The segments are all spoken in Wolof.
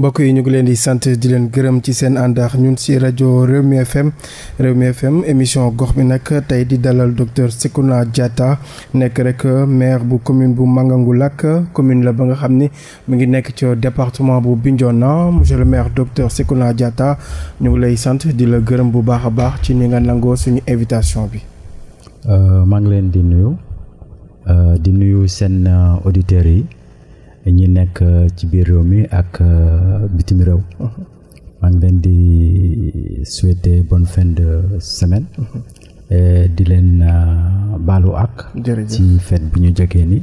mbokk yi ñu ngi leen di sant di leen gërëm ci seen àndaax ñun si rajo Rewmi FM mi FM émission gox bi nag tey di dalal docteur Sekouna Diatta nekk rek maire bu commune bu Mangagoulack commune la ba nga xam ni mu ngi nekk ci département bu Bignona monsieur le maire docteur Sekouna Diatta ñu ngi lay sant di la gërëm bu baax a baax ci ni nga nangoo suñu invitation bi. Euh, maa ngi leen di nuyu euh, di nuyu seen euh, auditeurs yi. ñi nekk euh, ci biir réew mi ak euh, bitim réew uh-huh. maa ngi leen di souhaiter bonne fin de semaine uh-huh. di leen euh, baalu ak ci fête bi ñu jógee ni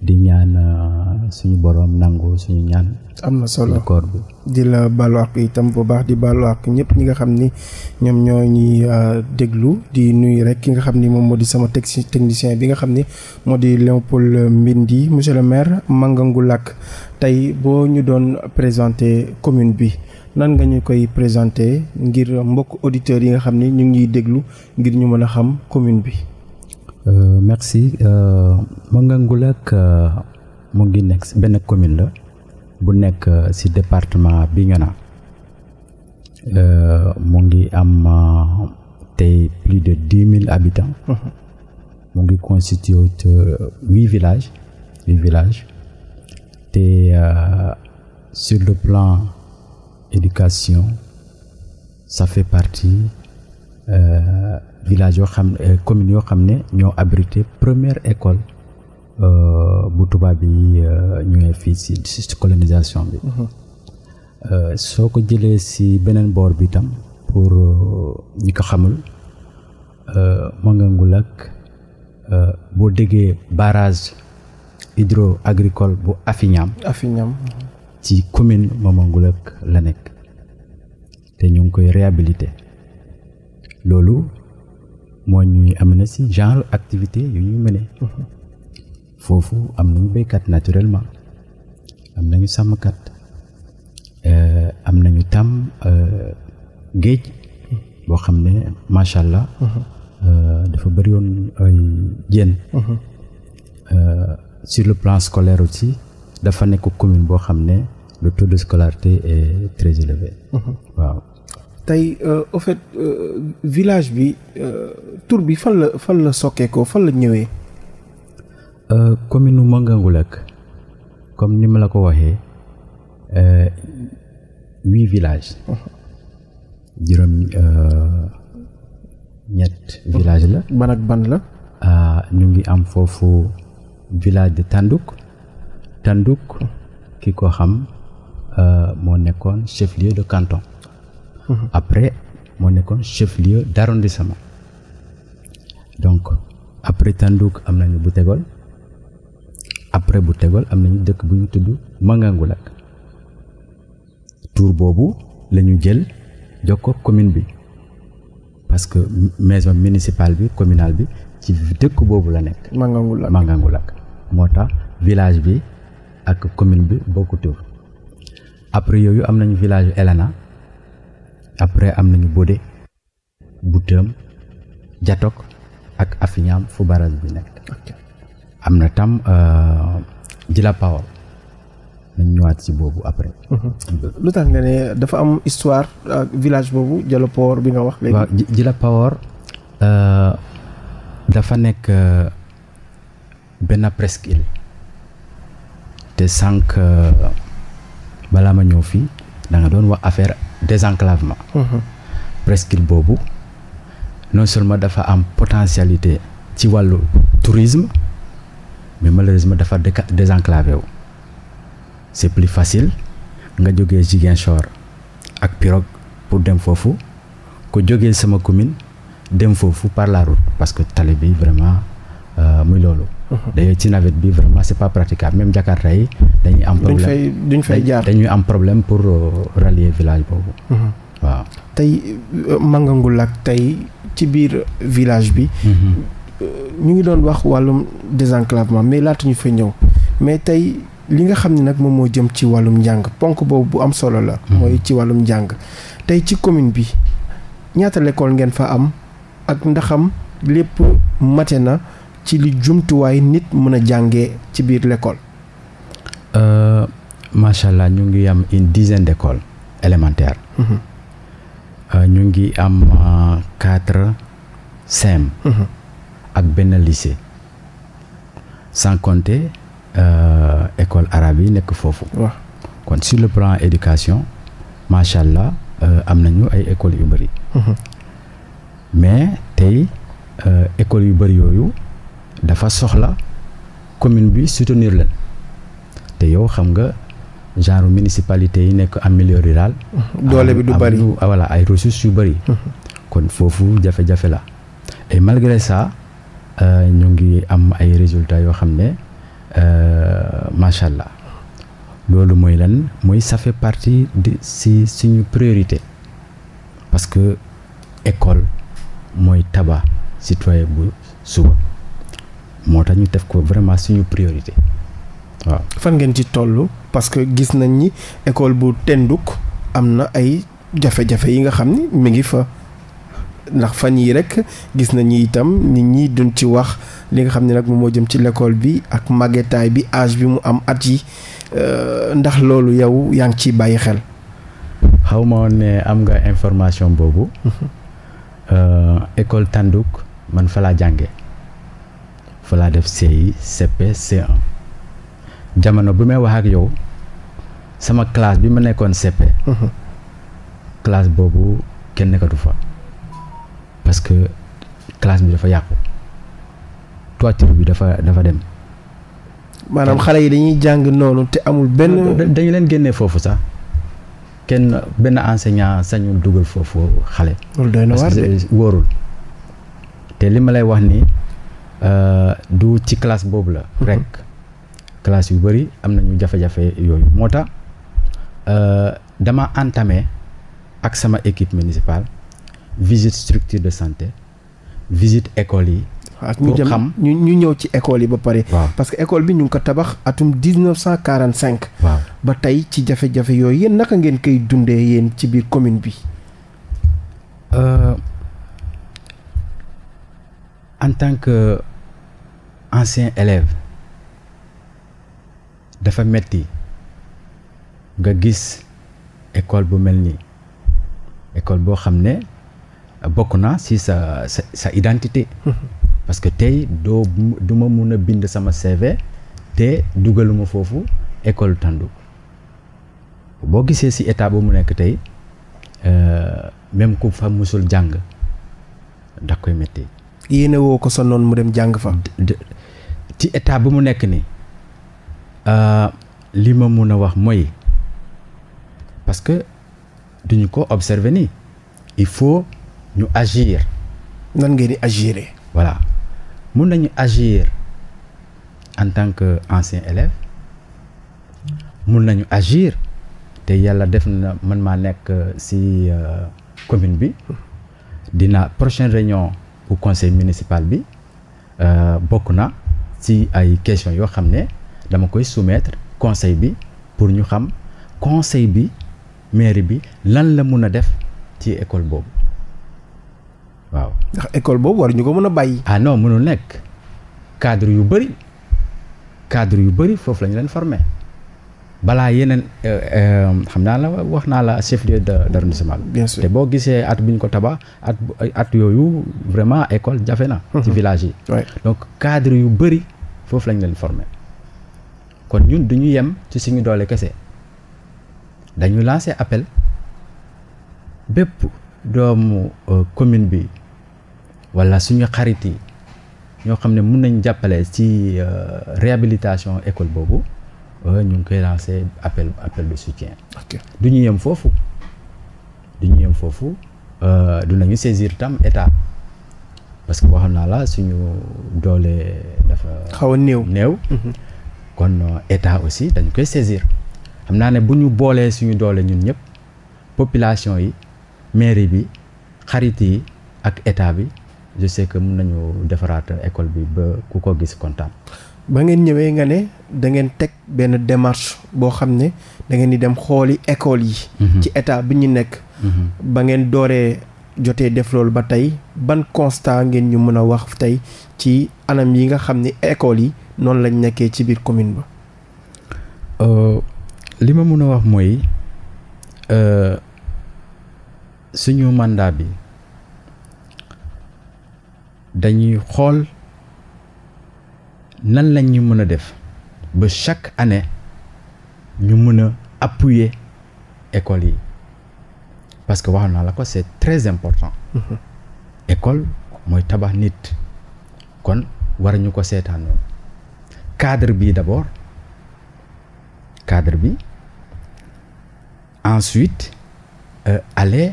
di ñaan euh, suñu borom nangu suñu ñaan. am na solo koor bi. di la baalu ak itam bu baax di baalu ak ñëpp ñi nga xam ni ñoom ñoo ñuy euh, déglu di nuyu rek ki nga xam ni moom moo di sama technicien bi nga xam ni moo di Léopold Mbindi monsieur le maire Mangangu làkk tey boo ñu doon présenter commune bi. nan nga ñu koy présenter ngir mbokk auditeurs yi nga xam ni ñu ngiy déglu ngir ñu mën a xam commune bi. Euh, merci euh, Mangagoulack euh, mu ngi nekk si benn commune la bu nekk euh, si département Bignona mu ngi am tey plus de dix mille habitants. mu ngi constitué huit villages huit villages te sur le plan éducation ça fait partie. village yoo xam euh, commune yoo xam ne ñoo abrité première école euh, bu tubaab yi euh, ñëwee fii si si colonisation bi. Mhm. soo ko jëlee si beneen boor bi itam pour ñi ko xamul Mangagoul ak boo déggee barrage hydro agricole bu Afiñam. Afiñam. ci commune Mangagoul ak la nekk te ñu ngi koy réabilité loolu. moo ñuy am na si genre activité yu ñuy mëne foofu am nañu baykat naturellement am nañu sàmmkat euh, am nañu tam euh, géej boo xam ne macha allah. Euh, dafa bëri yoon ay jën sur le plan scolaire aussi dafa nekk commune boo xam ne le tout de scolarité est très élevé waaw tey euh, au fait euh, village bi euh, tur bi fal la fan la sokkeekoo fan la ñëwee. commune Mangagoulack comme ni ma la ko waxee huit villages. Uh-huh. juróom ñett village la. ban ak ban la. Ah, ñu ngi am foofu village de Tandouk Tandouk ki ko xam moo nekkoon chef lieu de canton. Mhm. après moo nekkoon chef lieu d' arrondissement donc après Tandouk am nañu bu tegol après bu tegol am nañu dëkk bu ñu tudd Mangagoulak tour boobu la ñu jël jox ko commune bi parce que maison municipale bi communale bi ci dëkk boobu la nekk. Mangagoulak Mangagoulak moo tax village bi ak commune bi bokku tur après yooyu am nañu village Elana après am nañu Bodé Boutam Jatok ak Afiñam fu barrage bi nekk. am na tam uh, Dila Power nañ ñëwaat si boobu après. Mm lu tax nga ne dafa am histoire euh, village boobu Dila Power bi nga wax. léegi waaw Dila Power euh, dafa nekk euh, benn presqu'île te sànq balaa ma ñëw fii danga doon wax affaire. désenclavement. Mhm. presqu'île boobu non seulement dafa am potentialité ci wàllu tourisme mais malheureusement dafa désenclavé wu. c' est plus facile nga jógee Ziguinchor ak pirogue pour dem foofu ko jógee sama commune dem foofu par la route parce que tali bi vraiment euh, muy loolu. Mhm. d'ailleurs ci navette bi vraiment c'est pas praticable même Jakarta yi dañuy am problème duñ fay jaar dañuy am problème pour euh, rallier village boobu mhm. waaw tey euh, Mangagoulack tey ci biir village bi mhm. euh, ñu ngi doon wax wàllum désenclavement mais laata ñu fa ñëw mais tey li nga xam ni nag moom moo jëm ci wàllum njàng ponk boobu bu am solo la mooy ci wàllum njàng tey ci commune bi ñaata lekkool ngeen fa am ak ndaxam lépp mate na ci li jumtuwaay nit mën a jànge ci biir l'école euh, macha allah ñu ngi am une dizaine d'écoles élémentaires mm-hmm. euh, ñu ngi am euh, quatre CEM mm-hmm. ak benn lycée sans compter euh, école arab yi nekk foofu ouais. kon sur le plan éducation macha allah euh, am nañu ay écoles yu bëri mm-hmm. mais tey écoles yu bëri yooyu dafa soxla commune bi soutenir leen te yow xam nga genre municipalité yi nekk am milieu rural. Mmh. doole bi du bari ah, voilà ay ressources yu bari. Mmh. kon foofu jafe-jafe la et malgré ça euh, ñu ngi am ay résultats yoo xam ne euh, macha allah loolu mooy lan mooy ça parti partie de si suñu priorité parce que école mooy tabax citoyen bu suba. moo tax ñu def ko vraiment suñu priorité waaw. fan ngeen ci toll parce que gis nañ ni école bu tenduk am na ay jafe-jafe yi nga xam ni mi ngi fa ndax fan yii rek gis nañ itam nit ñi duñ ci wax li nga xam ne nag moom moo jëm ci lekkool bi ak màggetaay bi âge bi mu am at yi euh, ndax loolu yow yaa ngi ciy bàyyi xel. xaw ma woon ne am nga information boobu. Mhm. Euh, école Tendouk man fa laa jàngee. fa laa def CI CP c jamono bi may wax ak yow sama classe bi ma nekkoon CP. Mhm. classe boobu kenn nekkatu fa parce que classe bi dafa yàqu toiture bi dafa dafa dem. maanaam xale yi dañuy jàng noonu te amul benn. Ah, dañu leen génne foofu sax kenn benn enseignant sañul dugal foofu xale. loolu wóorul te li ma lay wax nii. Euh, du ci classe boobu la. Mhm. rek classe yu bëri am nañu jafe-jafe yooyu moo tax euh, dama entamé ak sama équipe municipale visite structure de santé visite école yi. pour xam ñu ñu ñëw ci école yi ba pare. parce que école bi ñu ngi ko tabax atum dix neuf cent quarante cinq. waaw ba tey ci jafe-jafe yooyu yéen naka ngeen koy dundee yéen ci biir commune bi. Euh, en tant que ancien élève dafa metti nga gis école bu mel nii école boo xam ne bokk naa si sa sa identité parce que tey doo ma mun a bind sama CV te dugaluma foofu école Tandoum boo gisee ci état bu mu nekk tey euh, même ku fa musul jàng ndax koy métti yéene ko sa noon mu dem jàng fa ci état bi mu nekk nii euh, li ma mun a wax mooy parce que duñu ko observer nii il faut ñu agir. nan ngeen di agir. voilà mun nañu agir en tant que ancien élève mun nañu agir te yàlla def na man maa nekk euh, si euh, commune bi dina prochaine réunion bu conseil municipal bi bokk na. ci ay questions yoo xam ne dama koy soumettre conseil bi pour ñu xam conseil bi mairie bi lan la mun a def ci école boobu waaw. ndax école boobu war ñu ko mën a bàyyi. ah non mënul nekk cadre yu bëri cadre yu bëri foofu la leen former. balaa yeneen euh, euh, xam naa la wax naa la chef lieu d'arrondissement bi te boo gisee at bu ñu ko tabax at at yooyu vraiment école jafe na ci mhm. village yi donc cadre yu bëri foofu lañ leen former kon ñun duñu yem ci suñu doole kese dañu lancer appel bépp doomu euh, commune bi wala suñu xarit yi ñoo xam ne mun nañ jàppale ci réhabilitation école boobu Euh, ñu ngi koy lancé appel appel de soutien. ok du ñu yem foofu du ñu yem foofu euh, nañu saisir tam état parce que waxoon naa la suñu doolee dafa. xaw a néew néew. Mhm. kon euh, état aussi dañ koy saisir xam naa ne bu ñu boolee suñu doole ñun ñëpp population yi mairie bi xarit yi ak état bi je sais que mun nañu defaraat école bi ba ku ko gis kontaan. ba ngeen ñëwee nga ne da ngeen teg benn démarche boo xam ne da ngeen di dem xooli école yi. Mhm. ci état bi ñu nekk. Mhm. ba ngeen dooree jotee def loolu ba tey ban constant ngeen ñu mën a wax tey ci anam yi nga xam ne école yi noonu lañ nekkee ci biir commune ba. Euh, li ma mën a wax mooy euh, suñu mandat bi dañuy xool. nan lañ ñu mën a def ba chaque année ñu mën a appuyer école yi parce que wax naa la ko c'est très important mhm. école mooy tabax nit kon war ñu ko seetaanoon cadre bi d'abord cadre bi ensuite euh, aller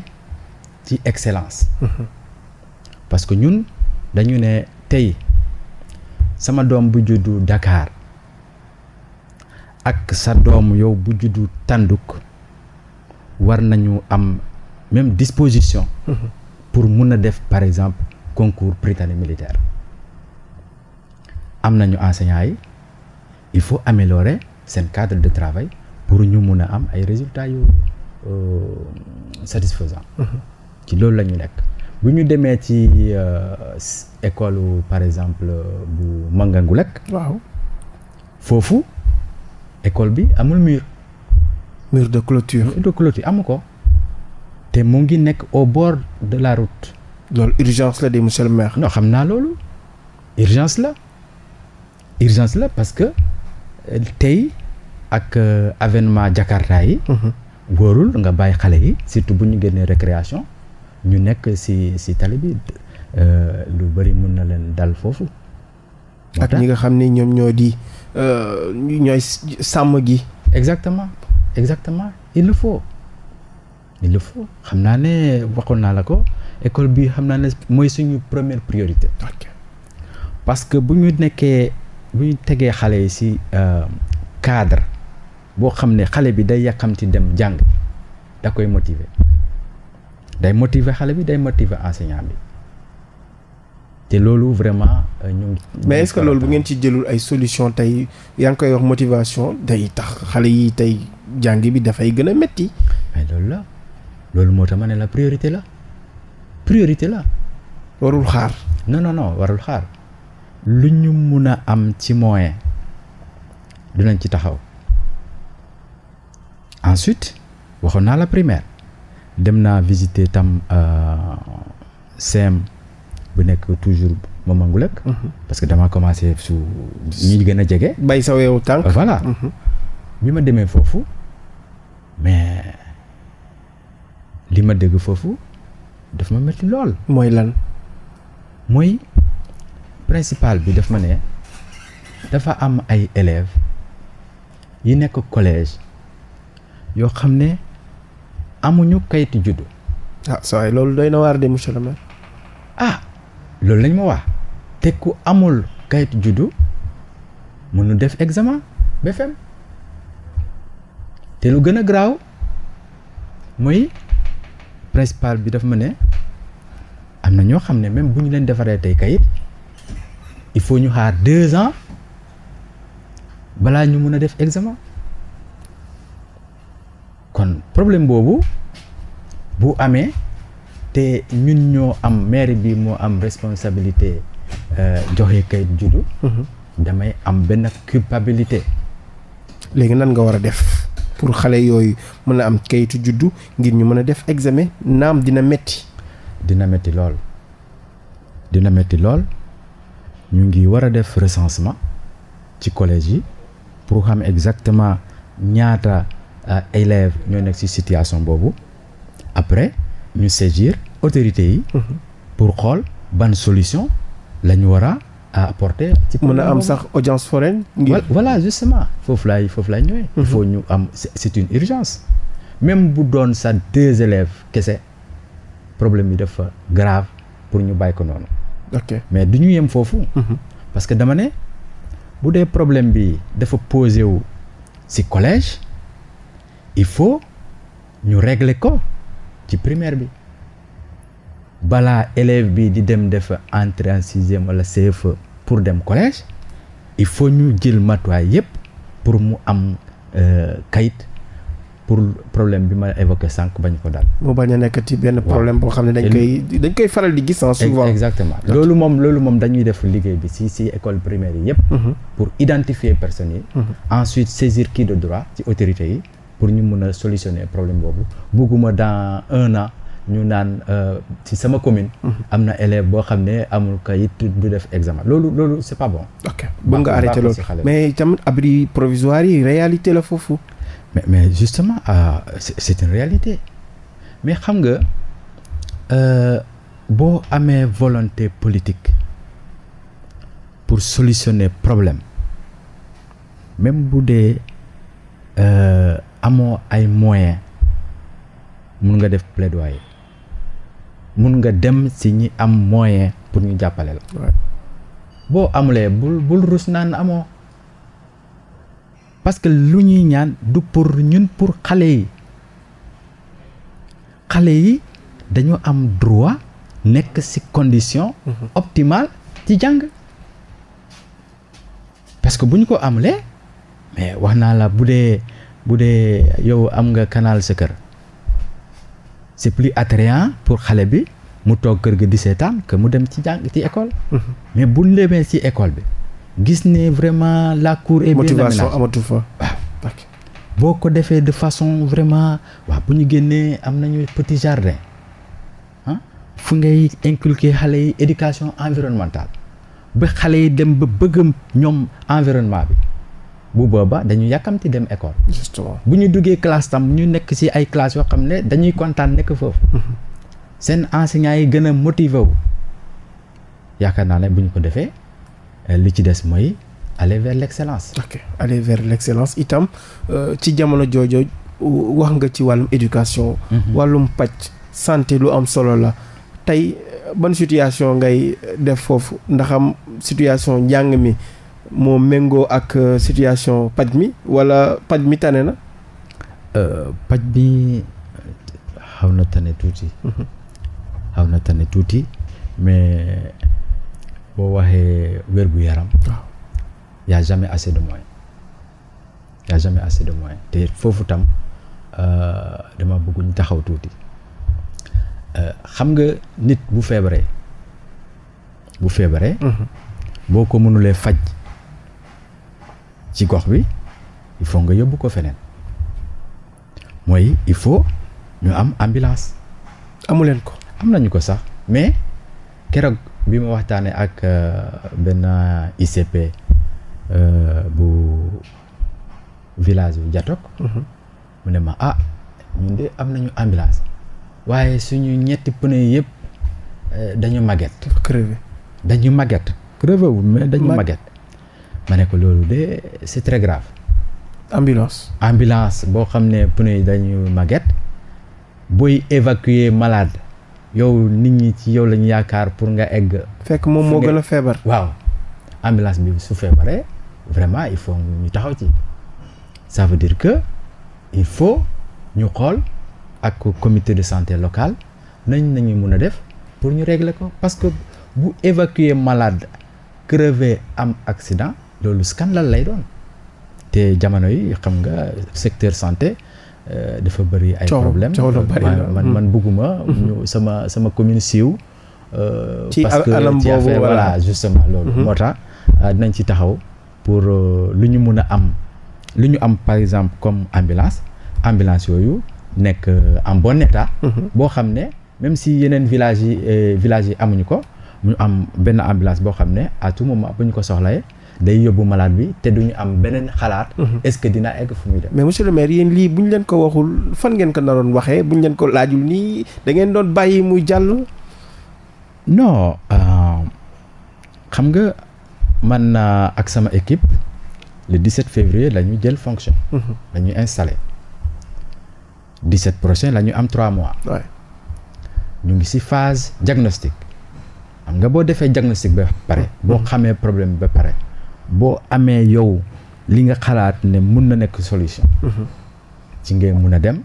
ci excellence mhm. parce que ñun dañu ne tey sama doom bu juddu Dakar ak sa doom yow bu juddu tànduk war nañu am même disposition mhm. pour mun a def par exemple concours Prytanée militaire am nañu enseignants yi il faut améliorer seen cadre de travail pour ñu mun a am ay résultats yu euh, satisfaisants mhm. ci loolu lañu nekk bu ñu demee ci euh, école par exemple euh, bu Mangagoulak waaw foofu école bi amul mur. mur de clôture mur de amu ko. te mu ngi nekk au bord de la route. loolu urgence la de monsieur le xam naa loolu urgence la urgence la parce que euh, tey ak avénement Jakarta yi. Mhm. wóorul nga bàyyi xale yi surtout bu ñu génnee récréation. ñu nekk si si tali bi euh, lu bëri mun na leen dal foofu. ak ñi nga xam ne ñoom ñoo di euh, ñooy sàmm gi. exactement exactement il le faut il faut xam naa ne waxoon naa la ko école bi xam naa ne mooy suñu première priorité. Okay. que bu ñu nekkee bu ñu tegee xale yi si euh, cadre boo xam ne xale bi day yàkkamti dem jàng da koy motiver. day motiver xale bi day motiver enseignant bi te loolu vraiment euh, ñu mais est-ce que loolu bu ngeen ci jëlul ay solution tey yaa ngi koy wax motivation day tax xale yi tey jàng bi dafay gën a metti mais loolu la loolu moo tax ma ne la priorité la priorité la warul xaar non non no warul xaar lu ñu mun a am ci moyen dinañ ci taxaw ensuite waxoon naa la primaire dem naa visiter tam CM euh, bu nekk toujours moom Ngoulek. Mhm. parce que dama commencé su ñi gën a jege. bay sa weewu tànk voilà. Mhm. bi ma demee foofu mais li ma dégg foofu daf ma métti lool. mooy lan. mooy principal bi daf ma ne dafa am ay élèves yi nekk collège yoo xam ne. amuñu kayitu juddu. ah saa loolu doy na waar de monsieur le ah loolu lañ ma wax teg ku amul kayitu juddu mënu def examen BFM te lu gën a garaaw mooy principal bi dafa ma ne am na ñoo xam ne même bu ñu leen defaree tey kayit il faut ñu xaar deux ans balaa ñu mun a def examen. kon problème boobu bu amee te ñun ñoo am maire bi moo am responsabilité euh, joxe kayit juddu. Mhm. damay am benn culpabilité. léegi nan nga war a def pour xale yooyu mën a am kayitu juddu ngir ñu mën a def examen naam dina metti dina metti lool dina metti lool ñu ngi war a def recensement ci collège yi pour xam exactement ñaata. élèves ñoo nekk ci situation boobu après ñu saisir autorité yi. Mmh. pour xool ban solution la ñu war a apporter. ci mën a am sax audience foraine. ngir voilà justement foofu lay foofu laay ñëwee. il mmh. faut ñu am c'est une urgence. même bu doon sa deux élèves kese problème bi dafa grave pour ñu bàyyi ko noonu. mais du ñu yem foofu. Mmh. parce que dama ne bu dee problème bi dafa posé wu ci collège. il faut ñu régle ko ci primaire bi balaa élève bi di dem def entrée en sixième wala CFE pour dem collège il faut ñu jël matuwaay yépp pour mu am euh, kayit pour problème bi ma évoqué sànq bañ ko daal. mu bañ a nekk ci benn problème boo xam ne dañ koy dañ koy faral di gis. souvent exactement loolu moom loolu moom dañuy def liggéey bi si si école primaire yi yépp. Mhm. pour identifier personnes yi. Mhm. ensuite saisir qui de droit ci autorité yi. pour ñu mun a solutionner problème boobu bugguma dans un an ñu naan euh, ci sama commune. Mhm. am na élève boo xam ne amul kayit du def examen loolu loolu c'est pas bon. ok bëgg nga arrêté loolu mais tamit abri provisoire yi réalité la foofu. mais mais justement euh, c'est une réalité mais xam nga euh, boo amee volonté politique pour solutionner problème même bu dee. Euh, amoo ay moyens mun nga def plaidoyer mun nga dem si ñi am moyen pour ñu jàppale la. Ouais. boo amulee bul bul rus naan amoo parce que lu ñuy ñaan du pour ñun pour xale yi xale yi dañoo am droit nekk si condition mm ci jàng parce que bu ñu ko amulee mais wax naa la bu dee. bu dee yow am nga canal sa kër c'est plus attrayant pour xale bi mu toog kër gi di seetaan que mu dem ci jàng ci école. Mm-hmm. mais bu demee ci école bi gis ne vraiment la cour est bien motivation amatu fa waaw boo ko defee de façon vraiment waaw bu ñu génnee am nañu petit jardin ah fu ngay inculquer xale yi éducation environnementale ba xale yi dem ba bëgg ñoom environnement bi. bu booba dañu yàkkamti dem école. justement bu ñu duggee classe tam ñu nekk ci ay classes yoo xam ne dañuy kontaan nekk foofu. Mhm. seen enseignants yi gën a motiver wu. yaakaar naa ne bu ñu ko defee euh, li ci des mooy aller vers l'excellence. ok aller vers l'excellence itam euh, ci jamono joojoo wax nga ci wàllum éducation. Mhm. wàllum pacc santé lu am solo la tey euh, ban situation ngay def foofu ndaxam situation njàng mi. moo méngoo ak euh, situation paj mi wala paj mi tane na euh, paj bi xaw na tane tuuti mhm. xaw na tane tuuti mais boo waxee wérgu yaram y a jamais assez de moyens y jamais assez de moyens te foofu tam euh, dama bëgguñ taxaw tuuti xam nga nit bu feebaree bu feebaree mhm. boo ko mënulee faj ci gox bi il faut nga yóbbu ko feneen mooy il faut ñu am ambulance. amuleen ko. am nañu ko sax mais keroog bi ma waxtaanee ak euh, benn ICP euh, bu village bu Diatok. Mhm. mu ne ma ah ñun de am nañu ambulance waaye suñu ñetti pneu yëpp euh, dañu màgget. dañu màgget crevé wu mais dañu màgget. ma ne ko loolu de c'est très grave. ambulance. boo xam ne pneu yi dañuy màgget booy évacuer malade yow nit ñi ci yow lañu yaakaar pour nga egg. fekk moom moo gën a feebar. waaw ambulance bi su feebaree vraiment il faut ñu taxaw ci ça veut dire que il faut ñu xool ak comité de santé locale nañ nañu mun a def pour ñu régler ko parce que bu évacuer malade crevé am accident. loolu scandale lay doon te jamono yi xam nga secteur santé euh, dafa bëri ay problème man man hmm. bugguma hmm. ñu sama sama commune siiw euh, ci parce que ci affaire voilà justement loolu hmm. moo tax euh, dinañ ci taxaw pour lu ñu mun a am lu ñu am par exemple comme ambulance ambulance yooyu nekk am bon état boo xam ne même si yeneen village yi village yi amuñu ko ñu am benn ambulance boo xam ne à tout moment bu ñu ko soxlawee day yóbbu malaat bi te duñu am beneen xalaat. Mhm. est-ce que dina egg fu muy dem. mais monsieur le maire yéen lii bu ñu leen ko waxul fan ngeen ko naroon waxee bu ñu leen ko laajul nii da ngeen doon bàyyi muy jàll. no euh, xam nga man euh, ak sama équipe le 17 février la ñu jël fonction. Mhm. la ñu installé 17 prochain la ñu am trois mois. waaw ñu ngi ci phase diagnostic. xam nga boo defee diagnostic ba pare. Mhm. boo xamee problème ba pare. boo amee yow li nga xalaat ne mun na nekk solution. Mhm. ci ngay mun a dem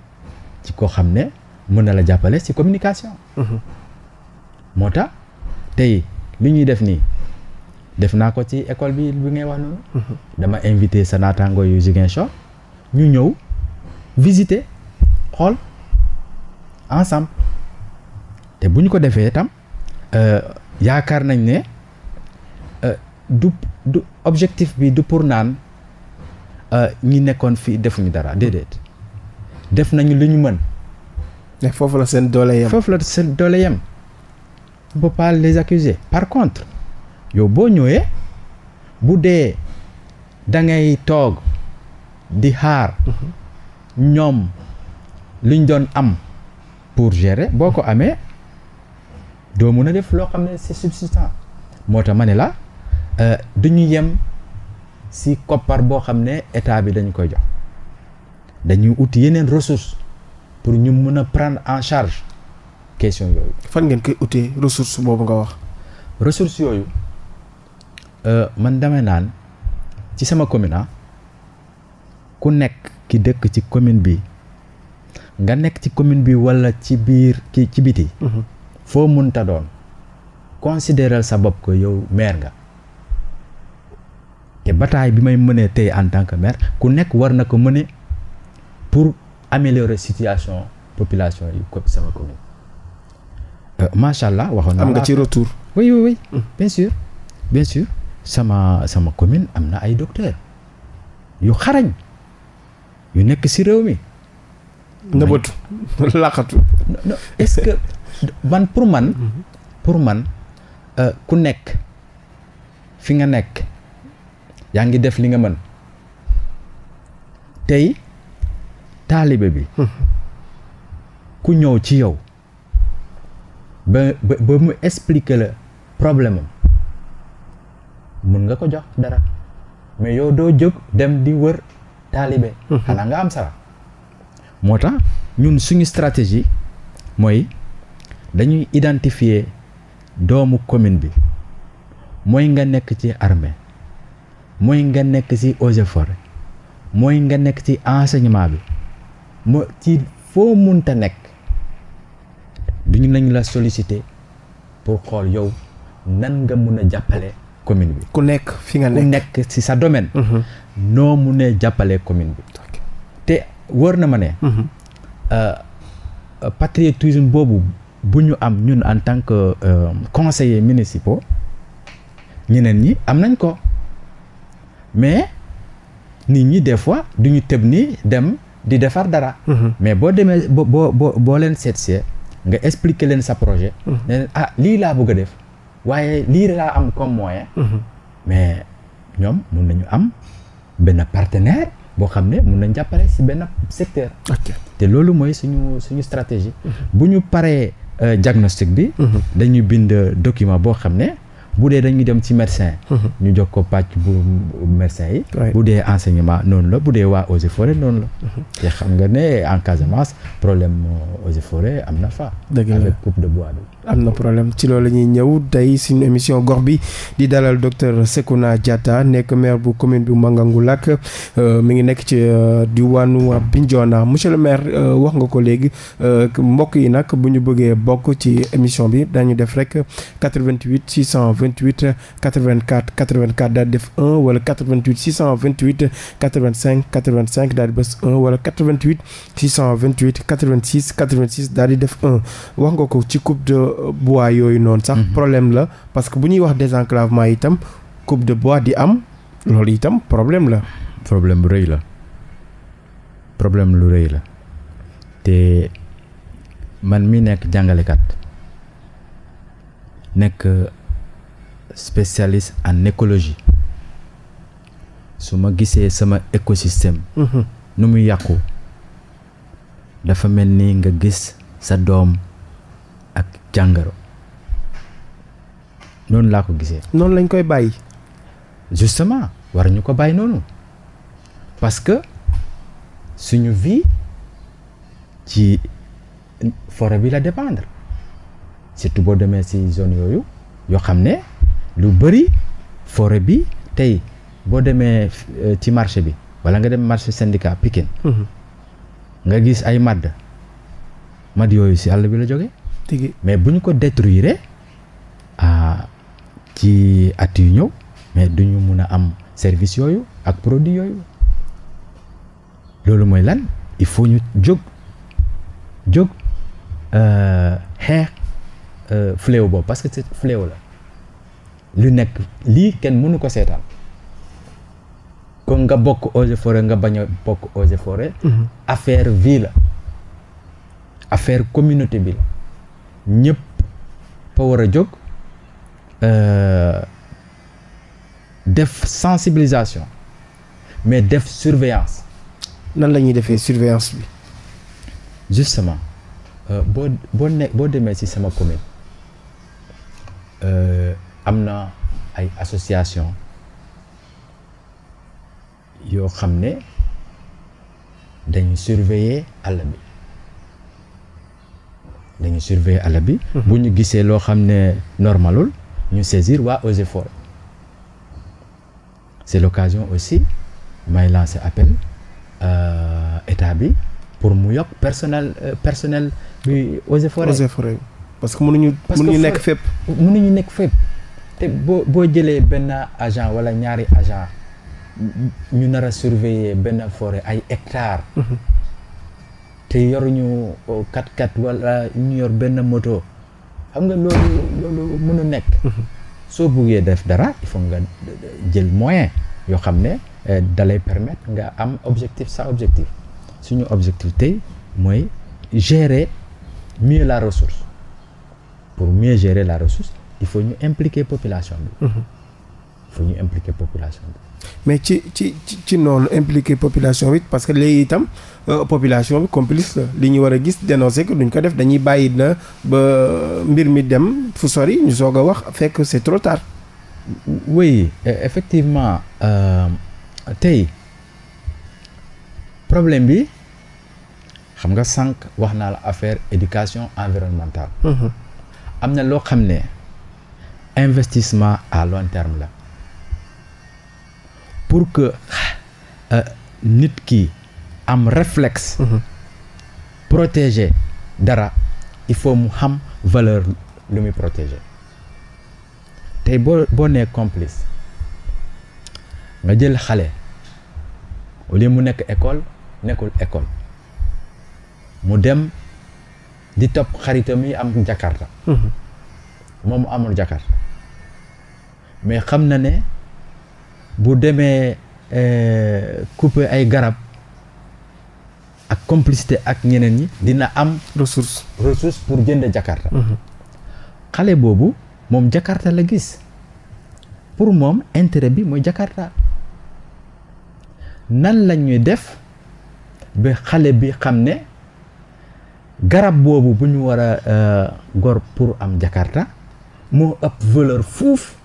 ci koo xam ne mun na la jàppale ci communication. Mhm. moo tax tey li ñuy def nii def naa ko ci école bi bi ngay wax noonu. Mhm. dama invité sa naataango yu Ziguinchor ñu ñëw visité xool ensemble te bu ñu ko defee tam euh, yaakaar nañ ne euh, du. objectif bi du pour naan euh, ñi nekkoon fii defuñu dara déedéet def nañu lu ñu mën. foofu la seen doole yem. foofu la seen doole yem. on peut pas par contre yow boo ñëwee bu dee da ngay toog di xaar ñoom luñ doon am pour gérer boo ko amee doo mun a def loo xam ne c'est moo tax ma ne la. Euh, duñu yem si koppar boo xam ne état bi dañ koy jox dañuy uti yeneen ressource pour ñu mun a prendre en charge question yooyu. fan ngeen koy utee ressource boobu nga wax. ressources yooyu euh, man deme naan ci sama commune ah ku nekk ki dëkk ci commune bi nga nekk ci commune bi walla ci biir ki ci biti. Mhm. foo mënta doon. considéral sa bopp ko yow maire nga. te bataay bi may mënee tey en tant que maire ku nekk war na ko mëne pour améliorer situation population yi ko sama commune. Euh, macha allah waxoon naa am nga ci retour. oui oui oui hmm. bien sûr bien sûr sama sama commune am na ay docteurs yu xarañ yu nekk si réew mi. nëbatu laqatu. non est man pour man. Hmm. pour man euh, ku nekk fi nga nekk. yaa ngi def li nga mën tey taalibe bi hmm. ku ñëw ci yow ba ba ba mu expliquer la problème am mun nga ko jox dara mais yow doo jóg dem di wër taalibe hmm. xanaa nga am sax moo tax ñun suñu stratégie mooy dañuy identifier doomu commune bi mooy nga nekk ci armée mooy nga nekk ci eaux et forêt mooy nga nekk ci enseignement bi mo ci foo munta nekk duñu nañu la solliciter pour xool yow nan nga mun a jàppale commune bi ku nekk fi nga nekk nekk ci sa domaine mm-hmm. noo mu ne jàppale commune bi te wër na ma ne mm-hmm. euh, patriotisme boobu bu ñu am ñun en tant que euh, conseiller municipaux ñeneen ñi am nañ ko mais nit ñi des fois du ñu tëb ni dem di defar dara. Mhm. mais boo demee boo boo boo leen seetsee nga expliquer leen sa projet. Mhm. ne ah lii laa bëgg a def waaye lii laa am comme moyen. Mhm. mais ñoom mun nañu am benn partenaire boo xam ne mun nañ jàppale si benn secteur. te loolu mooy suñu suñu stratégie. bu ñu paree euh, diagnostic bi. dañu bind document boo xam ne. bu dee dañuy dem ci médecin mhm. ñu jox ko pàcc bu médecin yi bu dee enseignement noonu la bu dee waa eaux forêt noonu la mhm. te xam nga ne en problème eaux et forêt am na fa avec coupe de bois am na problème ci loolu la ñuy ñëw tey suñu émission gox bi di dalal docteur Sekouna Diatta nekk maire bu commune bu Mangagoulack euh, mi ngi nekk ci euh, diwaanu Bignona monsieur le maire euh, wax nga ko léegi mbokk yi nag bu ñu bëggee bokk ci émission bi dañu def rekk 88 628 84 84 def 1 wala 88 628 85 85 daal di bés 1 wala 88 628 86 daal di def 1 wax nga ko ci coupe de. bois yooyu noonu sax mhm. problème la parce que bu ñuy wax désenclavement itam coupe de bois di am loolu itam problème la problème bu rëy la problème lu rëy la te man mi nekk jàngalekat nekk spécialiste en écologie su ma gisee sama écosystème mhm. nu mu yàqu dafa mel ni nga gis sa doom jàngaro noonu laa ko gisee. noonu lañ koy bàyyi. justement war ñu ko bàyyi noonu parce que suñu vie ci forêt bi la dépendre surtout boo demee si zone yooyu yoo xam ne lu bëri forêt bi tey boo demee euh, ci marché bi wala nga dem marché syndicat Pikine. Mhm. nga gis ay madd madd yooyu si àll bi la jógee. mais bu ñu ko détruire ah ci at yu ñëw mais du ñu mun a am service yooyu ak produit yooyu loolu mooy lan il faut ñu jóg jóg euh, xeex euh, fléau boobu parce que c'est fléau la lu nekk lii kenn mënu ko seetaan kon nga bokk eaux et nga bañ a bokk eaux et mm-hmm. affaire vie affaire communauté bi ñëpp pa war a jóg euh, def sensibilisation mais def surveillance. nan la ñuy defee surveillance bi. justement euh, boo boo ne boo demee si sama commune euh, am na ay association yoo xam ne dañu surveiller àll bi. dañu surveiller àll bi. Mhm. bu ñu gisee loo xam ne normalul ñu saisir waa eaux et forêts c'est l'occasion aussi may lancer appel euh, état bi pour mu yokk personnel euh, personnel bi eaux et forêts. eaux parce que mun mënuñu. mënuñu nekk fépp ñu nekk fépp. te boo boo jëlee benn agent wala ñaari agent ñu nar a surveiller benn fore ay hectares. Mhm. te yoruñu 4x4 euh, wala ñu yor benn moto xam nga loolu loolu mënu nekk. Mm-hmm. soo buggee def dara il faut nga euh, jël moyen yoo xam ne euh, dalay permettre nga am objectif sa objectif suñu objectif tey mooy gérer mieux la ressource pour mieux gérer la ressource il faut ñu impliquer population bi. Mm-hmm. il faut ñu impliquer population bi. mais ci ci ci noonu impliquer population bi parce que léegi itam. Euh, population bi complice la li ñu war a gis dénoncé duñ ko def dañuy bàyyi na ba mbir mi dem fu sori ñu soog a wax fekk c'est trop tard. oui effectivement euh, tey problème bi xam nga sànq wax naa la affaire éducation environnementale. Mmh. am na loo xam ne investissement à long terme la pour que euh, nit ki. am réflexe mhm. protéger dara il faut mu xam valeur lu muy protéger tey boo boo nee complice nga jël xale au mu nekk école nekkul école mu dem di topp xaritam yi am jakarta mhm. moom mu amul jakarta mais xam na ne bu demee euh, couper ay garab ak complicité ak ñeneen yi dina am ressource ressource pour jënd Jakarta mhm. xale boobu moom Jakarta la gis pour moom intérêt bi mooy Jakarta nan la ñuy def ba xale bi xam ne garab boobu bu ñu war a euh, gor pour am Jakarta moo ëpp valeur fuuf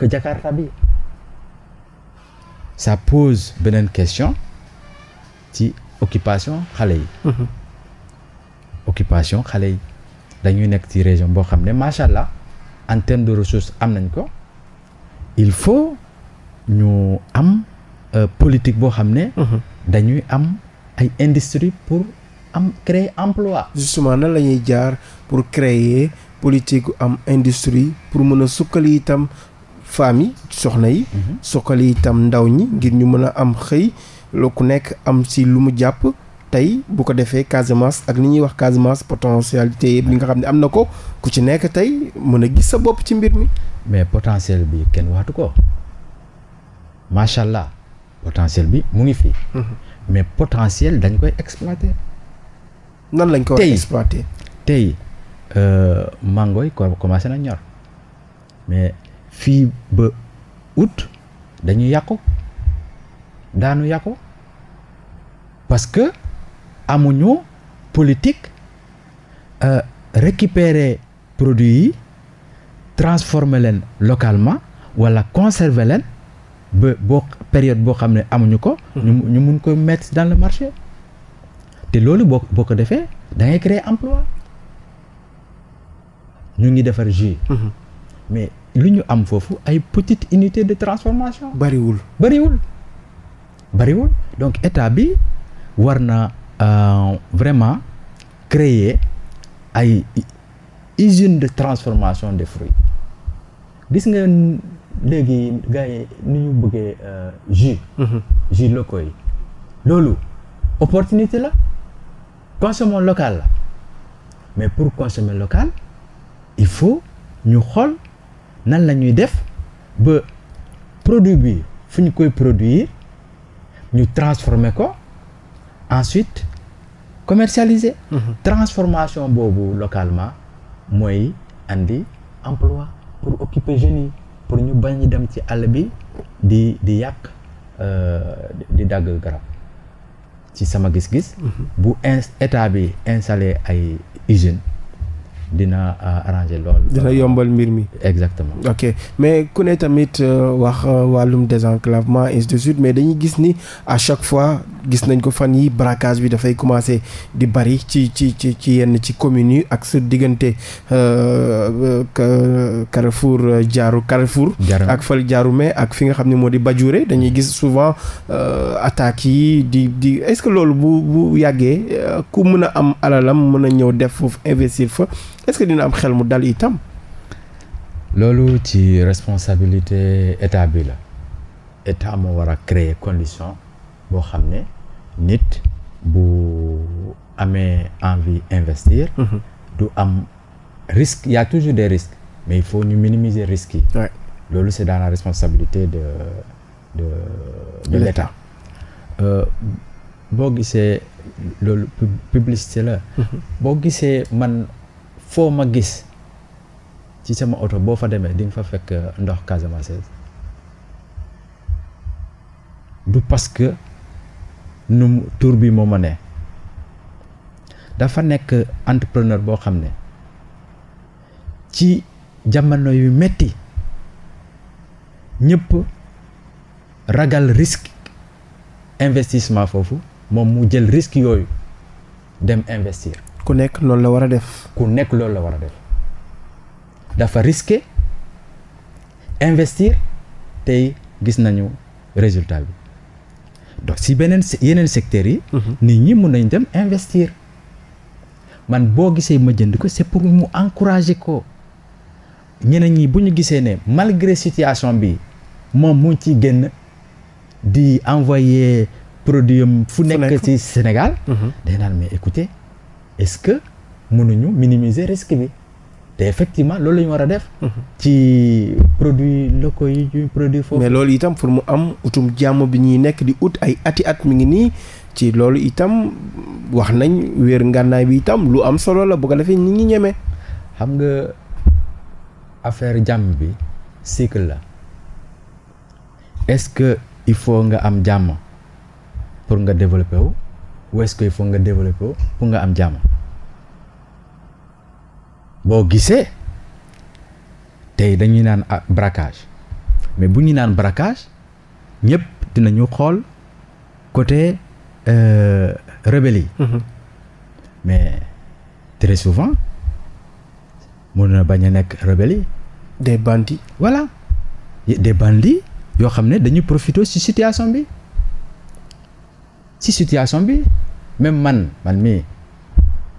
que Jakarta bi ça pose beneen question ci occupation xale yi. Mhm. occupation xale yi dañuy nekk ci région boo xam ne macha allah en terme de ressources am nañ ko il faut ñu am euh, politique boo xam ne. Mhm. dañuy am ay industrie pour am créer emploi. justement nan la ñuy jaar pour créer politique am industrie pour mën a sukkali itam femmes yi soxna yi. Mhm. sukkali itam ndaw ñi ngir ñu mën a am xëy. lu ku nekk am si lu mu jàpp tey bu ko defee Casamance ak ni ñuy wax Casamance potentialité yëpp nga xam ne am na ko ku ci nekk tey mën a gis sa bopp ci mbir mi. mais potentiel bi kenn waxtu ko macha allah potentiel bi mu ngi fi. Mhm. mais potentiel dañ koy exploiter. nan lañ ko war a exploiter tey euh, ko yi commencé na ñor mais fii ba août dañuy yàqu daanu yàqu parce que amuñu politique euh, récupérer produits yi transformer leen localement wala conserver leen ba boo période boo xam ne amuñu ko. ñu mhm. ñu mun ko mettre dans le marché. te loolu boo boo ko defee da ngay créer emploi ñu ngi defar jus. Mhm. mais lu ñu am foofu ay petite unité de transformation. bariwul bariwul bariwul donc état bi. war na euh, vraiment créer ay usine de transformation des fruits gis nga léegi gars yi ni ñu bëggee euh, jus mhm. jus locaux yi loolu opportunité la consommons local la mais pour consommer local il faut ñu xool nan la ñuy def ba produit bi fu ñu koy yi ñu transformer ko ensuite commercialiser. Mm transformation boobu localement mooy andi emploi pour occuper jeunes pour ñu bañ dem ci àll bi di di yàq euh, di dagg garab ci sama gis-gis. Mhm. bu état bi installé ay usines. dina euh, arranger lool. dina yombal mbir mi. exactement ok mais ku ne tamit euh, wax euh, wàllum désenclavement ainsi de suite mais dañuy gis ni à chaque fois gis nañ ko fan yi braquage bi dafay commencer di bari ci ci ci ci yenn ci communes yi ak sa diggante Carrefour jaaru Carrefour. ak fal jaaru mais ak fi nga xam ne moo di Badiouté dañuy gis souvent attaques yi di di est-ce que loolu bu bu yàggee ku mën a am alalam mën a ñëw def foofu investir fa. est-ce que dina am xel mu dal tam loolu ci responsabilité état bi la état moo war a créer condition boo xam ne nit bu amee envie investire mhm. du am risque yaa toujours des risques mais il faut ñu minimiser risques yi. Ouais. loolu c'est dans la responsabilité de de de l'état euh, boo gisee loolu publicité la. Mhm. boo gisee man. foo ma gis ci sama oto boo fa demee di fa fekk euh, ndox Casamance du parce que nu tur bi moo ma ne dafa nekk entrepreneur boo xam ne ci jamono yu metti ñëpp ragal risque investissement foofu moom mu jël risque yooyu dem investir ku nekk loolu la war a def. ku nekk loolu la war a def dafa risqué investir tey gis nañu résultat bi donc si beneen yeneen secteurs yi. Mhm. nit ñi mun nañ dem investir. man boo gisee ma jënd ko c'est pour mu encourager ko ñeneen ñi bu ñu gisee ne malgré situation bi moom mu ci génn di envoyer produit fu nekk ci Sénégal. Mhm. day naan mais écoutez est-ce que mënuñu minimiser risque bi te effectivement loolu lañu war a def. Mhm. ci produits locaux yi ñuy produit foofu. mais loolu itam pour mu am utum jàmm bi ñuy nekk di ut ay ati at mi ngi nii ci loolu itam wax nañ wéer ngànnaay bi itam lu am solo la bu ko defee ñi ngi ñemee. xam nga affaire jàmm bi cycle la est-ce que il faut nga am jàmm pour nga développer wu. ou est-ce que il faut nga développer pour nga am jàmm boo gisee tey dañuy naan ah, bracage mais bu ñuy naan braquage ñëpp dinañu xool côté euh, rebelle yi mm-hmm. mais très souvent mën na bañ a nekk rebelle yi des bandits voilà des bandits yoo xam ne dañuy profité ci situation bi ci situation bi même man man mii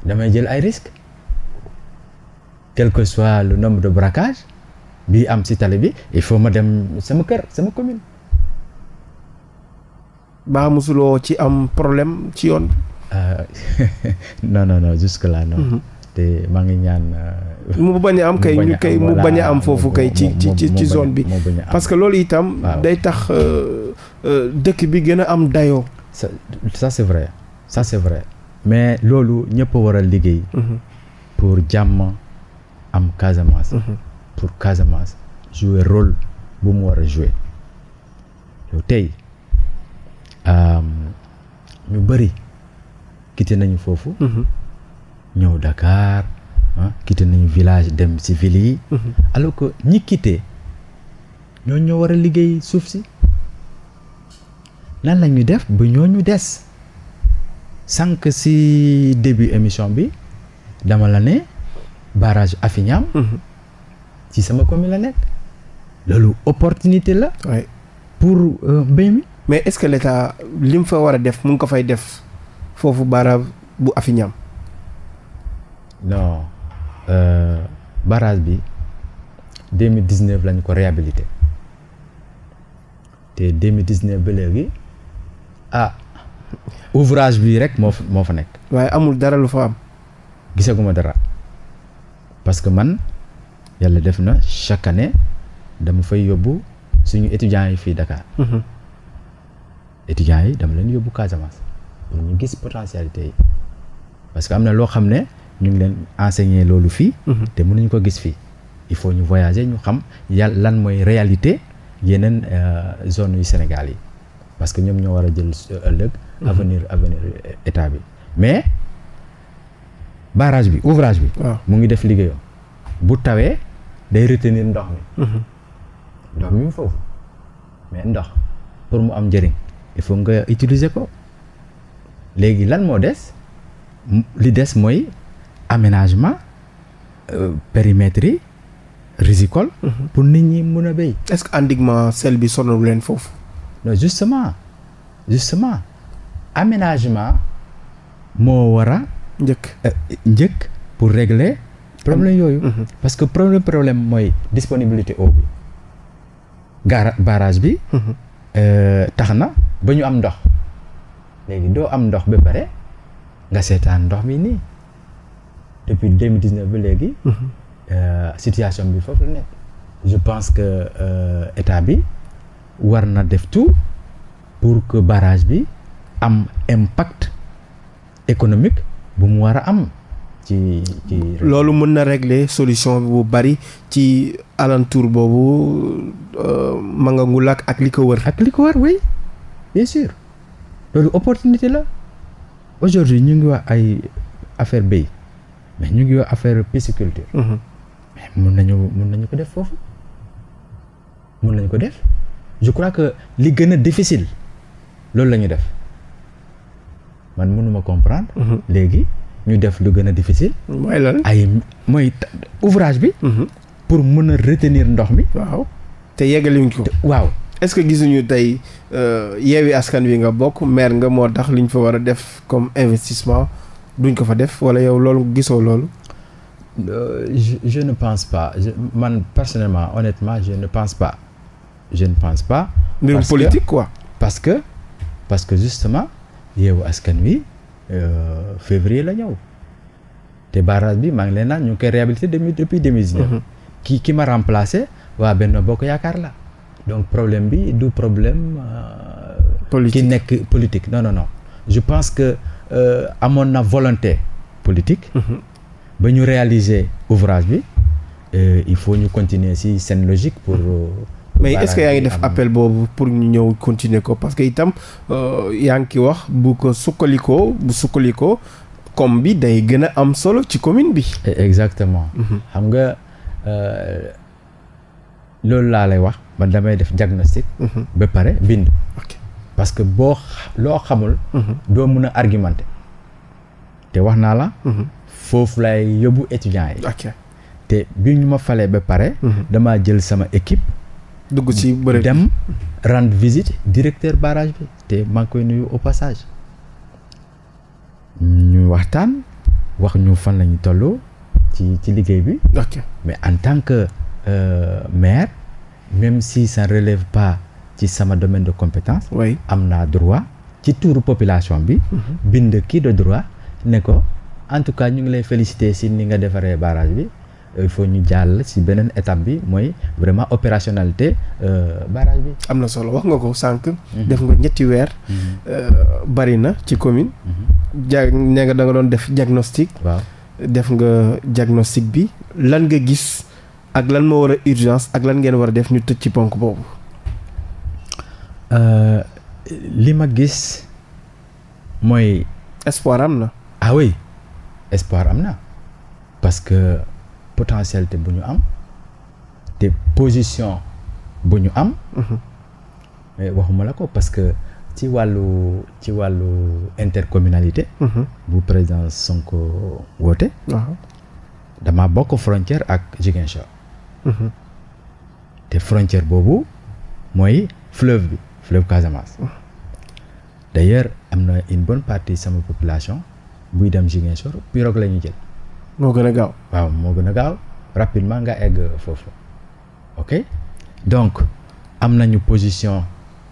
damay jël ay risques quel que soit le nombre de braquages bii am ci tali bi il faut ma dem sama kër sama commune. baa musuloo ci am problème ci yoon. Euh, non non no jusque là non. Mhm. te maa ngi ñaan. Euh, mu bañ a am kay ñu kay mu bañ a am foofu kay ci ci ci zone bi parce que loolu itam. day tax euh, dëkk bi gën a am dayoo. ça c'est vrai. ça c'est vrai mais loolu ñëpp a war a liggéey. Mhm. pour jàmm am Casamance. Mhm. pour Casamance jouer rôle bu mu war a jouer yow tey euh, ñu bëri quitté nañu foofu. Mhm. ñëw Dakar ah nañu village dem ci ville yi. alors que ñi quitté ñooñu war a liggéey suuf si lan la ñuy def ba ñooñu des. sànq si début émission bi dama la ne barrage Affiniam. Mhm. ci sama commune la nekk. loolu opportunité la. oui pour euh, mbéy mi. mais est-ce que l'État li mu fa war a def mu ko fay def foofu barrage bu Affiniam. non euh, barrage bi 2019 lañ ko réhabilité te 2019 ba léegi ah, ouvrage bii rek moo fa moo fa nekk. waaye amul dara lu fa am. gisaguma dara parce que man yàlla def na chaque année dama fay yóbbu suñu étudiants yi fii Dakar. Mhm. étudiants yi dama leen yóbbu Casamance pour ñu gis potentialité yi parce que am na loo xam ne ñu ngi leen enseigner loolu fii. Mhm. te mënuñu ko gis fii. il faut ñu voyager ñu xam yàlla lan mooy réalité yeneen euh, zone yu Sénégal yi. parce que ñoom ñoo war a jël ëllëg. Mhm. avenir avenir état bi mais barrage bi ouvrage bi. mu ngi def liggéeyam bu tawee day retenir ndox mi. Mhm. ndox mi foofu mais ndox pour mu am njëriñ il faut nga utiliser ko léegi lan moo des li des mooy aménagement euh, périmètre yi risicole mhm. pour nit ñi mun a béy. est-ce que endiguement sel bi sonalu leen foofu. non justement justement aménagement moo war a njëkk euh, njëkk pour régler problème yooyu mhm. parce que problème problème mooy disponibilité eau bi gaara bi mhm. euh, tax na ba ñu am ndox léegi doo am ndox ba pare nga seetaan ndox mi nii depuis deux mille dix neuf léegi mhm. euh, situation bi foofu la nekk pense que état bi war na def tout pour que barrage bi am impact économique bu mu war a am ci loolu mën na régle solution bu bari ci alentour boobu euh, lakk ak li ko wër. ak li ko wër wéy bien sûr loolu opportunité la aujourd'hui ñu ngi wax ay affaire béy mais ñu ngi wax affaire pisciculture. Mhm. mais mun nañu mun nañu ko def foofu mun nañu ko def. je crois que li gën a difficile loolu la ñu def man mënuma comprendre. Mhm. léegi ñu def lu gën a difficile. mooy lan ay mooy ouvrage bi. Mhm. pour mën a retenir ndox mi. waaw te yeggaliwuñ ko. waaw est-ce que gisuñu tey euh, yeewi askan wi nga bokk maire nga moo tax liñ fa war a def comme investissement duñ ko fa def walla yow loolu gisoo loolu. Euh, je je ne pense pas man personnellement honnêtement je ne pense pas. je ne pense pas. mbirum politique que, quoi. parce que parce que justement yeewu askan wi euh, février la ñëw te barrage bi maa ngi leen naan ñu ngi koy réhabilité depuis deux mille dix-neuf mhm. ki ki ma remplacé waa Benno Bokk Yaakaar la donc problème bi du problème. Euh, politique ki nekk politique non no non je pense que euh, amoon na volonté politique. Mhm. ba ñu réaliser ouvrage bi. Euh, il faut ñu continuer si seen logique pour. Euh, mais est que yaa ngi def appel boobu pour ñu ñëw continuer ko parce que itam euh, yaa ngi ki wax bu ko sukkalikoo bu sukkalikoo comme bi day gën a am solo ci commune bi. E, exactement. Mhm. xam nga euh, loolu laa lay wax man damay def diagnostic. Mhm. ba pare bind. parce que boo loo xamul. Mhm. doo mun a argumenter. te wax naa la. foofu lay yóbbu étudiants yi. te bi ñu ma falee ba pare. damaa jël sama équipe. dugg ci dem rendre visite directeur barrage bi te maa ngi koy nuyu au passage ñu waxtaan wax ñu fan lañu tollu ci ci liggéey bi. ok mais en tant que euh, maire même si ça ne relève pas ci sama domaine de compétence. oui am naa droit ci tuuru population bi. Mhm. bind kii de droit ne ko en tout cas ñu ngi lay féliciter si ni nga defaree barrage bi. il faut ñu jàll si beneen étape bi mooy vraiment opérationnalité euh, barrage bi. am na solo wax nga ko sànq. Mhm. def nga ñetti weer. Mhm. Euh, bari na ci commune. Mhm. ja nee nga doon def diagnostic. waaw def nga diagnostic bi lan nga gis ak lan moo war a urgence ak lan ngeen war a def ñu tëj ci ponk boobu. Euh, li ma gis mooy. espoir am na. ah oui espoir am na parce que. potentialité bu ñu am te position bu ñu am mhm. mais waxuma la ko parce que ci wàllu ci wàllu intercommunalité mhm. bu président Sonko woote dama bokk frontière ak Ziguinchor mhm. te frontière boobu mooy fleuve bi fleuve Casamance d'ailleurs am na une bonne partie sama population buy dem Ziguinchor pirogue la ñu jël moo gën a gaaw moo gën a gaaw rapidement nga egg foofu ok donc am nañu position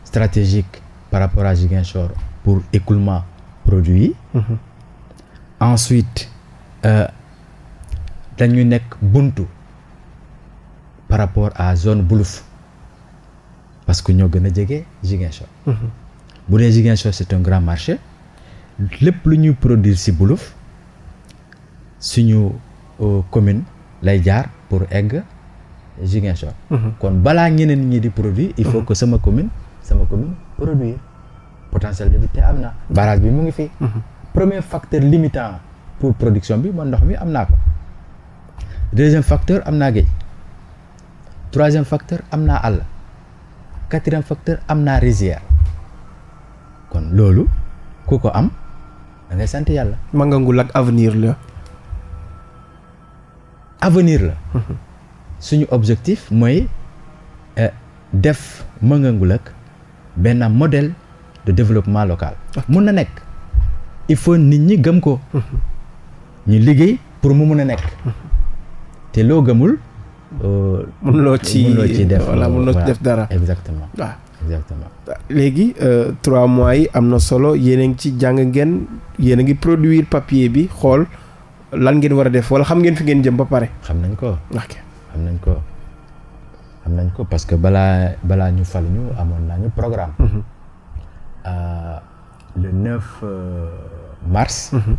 stratégique par rapport à Ziguinchor pour écoulement produits yi mhm. ensuite euh, dañu nekk buntu par rapport à zone Boulouf parce que ñoo gën a jege Ziguinchor mhm. bu dee Ziguinchor c'est un grand marché lépp lu ñuy produire ci Boulouf suñu euh, commune lay jaar pour egg Ziguinchor. Mhm. kon balaa ñeneen ñi di produire. il faut mhm. que sama commune sama commune produire potentiel bi te am na. barrage bi mu ngi fi. Mhm. premier facteur limitant pour production bi man ndox mi am naa ko. deuxième facteur am naa géej troisième facteur am naa àll quatrième facteur am naa rizière kon loolu ku ko am da ngay sant yàlla. Mangagoul ak avenir la. avenir la mhm. suñu objectif mooy eh, def Mangagoul ak benn modèle de développement local mun na nekk il faut nit ñi gëm ko mhm. ñu liggéey pour mu mun a nekk mhm. te loo gëmul euh, mënuloo ci mënuloo ci def voilà loo ci def dara exactement waaw ah. exactement ah, léegi euh, trois mois yi am na solo yéen a ngi ci jàng ngeen yéen a ngi produire papier bi xool lan ngeen war a def wala xam ngeen fi ngeen jëm ba pare. xam nañ ko. ok xam nañ ko xam nañ ko parce que balaa balaa ñu fal ñu amoon naa ñu programme. Mm -hmm. le 9 euh, mars. Mm -hmm.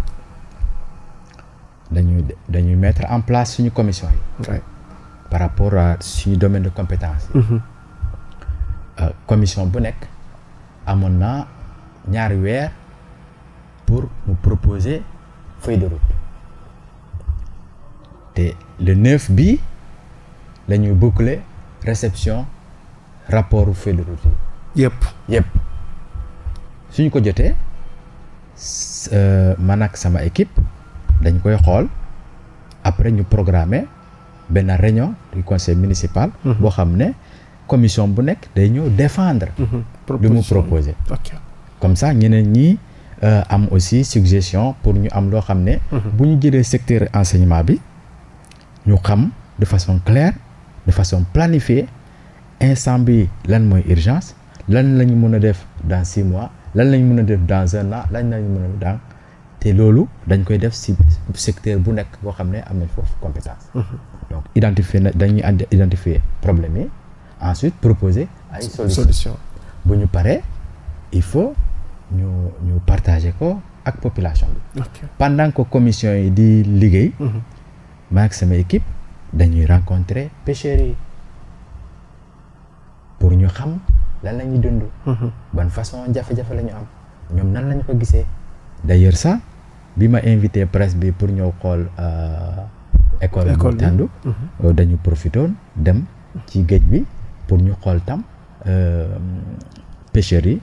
dañuy dañuy mettre en place suñu commission yi. par rapport à suñu domaine de compétence yi. Mhm. Euh, commission bu nekk amoon na ñaari weer pour mu proposer feuille te le 9 bi la ñuy boucler réception rapport u fait de route yi yëpp yëpp suñu ko jotee euh, man ak sama équipe dañ koy xool après ñu programmer benn réunion du conseil municipal mhm. boo xam ne commission bu nekk day ñëw défendre mhm. lu mu proposé comme ça ñeneen ñi euh, am aussi suggestion pour ñu am loo xam ne mhm. bu ñu jëlee secteur enseignement bi ñu xam de façon claire de façon planifiée instant bi lan mooy urgence lan la ñu mën a def dans six mois lan la ñu mën a def dans un an lan la ñu mën a dans te loolu dañ koy def si secteur bu nekk boo xam ne am nañ foofu compétence. Mhm. donc identifier na dañuy andi identifier problème yi ensuite proposer ay solution bu ñu paree il faut ñu ñu partager ko ak population bi. pendant que commission yi di liggéey. Mhm. maag sama équipe dañuy rencontrer pêcheurs yi pour ñu xam lan la ñuy dund. Mhm. ban façon jafe-jafe la ñu am ñoom nan lañu ko gisee. d'ailleurs sax bi ma invité presse bi pour ñëw xool euh, école. école Tandu mhm. euh, dañu profité woon dem ci géej bi pour ñu xool tam euh, pêcheurs yi